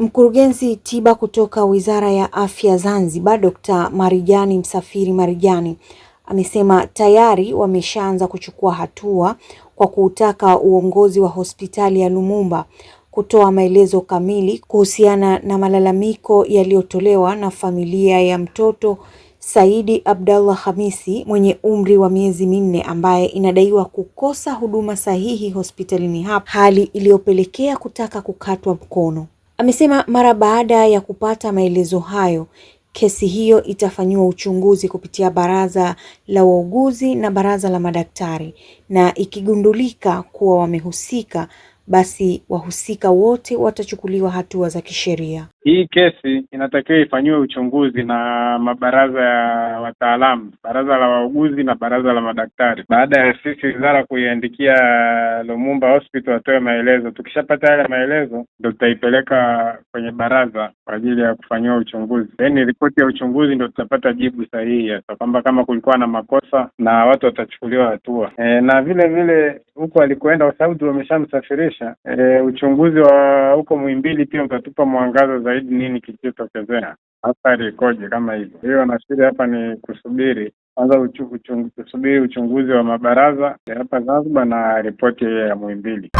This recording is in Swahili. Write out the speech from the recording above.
Mkurugenzi tiba kutoka Wizara ya Afya Zanzibar, Dkt. Marijani Msafiri Marijani amesema tayari wameshaanza kuchukua hatua kwa kuutaka uongozi wa hospitali ya Lumumba kutoa maelezo kamili kuhusiana na malalamiko yaliyotolewa na familia ya mtoto Saidi Abdallah Hamisi mwenye umri wa miezi minne ambaye inadaiwa kukosa huduma sahihi hospitalini hapo, hali iliyopelekea kutaka kukatwa mkono amesema mara baada ya kupata maelezo hayo, kesi hiyo itafanyiwa uchunguzi kupitia baraza la wauguzi na baraza la madaktari na ikigundulika kuwa wamehusika basi wahusika wote watachukuliwa hatua za kisheria. Hii kesi inatakiwa ifanyiwe uchunguzi na mabaraza ya wataalamu, baraza la wauguzi na baraza la madaktari, baada ya sisi wizara kuiandikia Lumumba Hospital atoe maelezo. Tukishapata yale maelezo, ndo tutaipeleka kwenye baraza kwa ajili ya kufanyiwa uchunguzi, yaani ripoti ya uchunguzi ndo tutapata jibu sahihi hasa kwamba kama kulikuwa na makosa na watu watachukuliwa hatua e, na vile vile huko alikoenda, kwa sababu wameshamsafirisha. E, uchunguzi wa huko Muhimbili pia utatupa mwangaza zaidi nini kilichotokezea, athari ikoje kama hivyo. Hiyo nafikiri hapa ni kusubiri kwanza kusubiri uchunguzi wa mabaraza hapa Zanzibar na ripoti ya Muhimbili.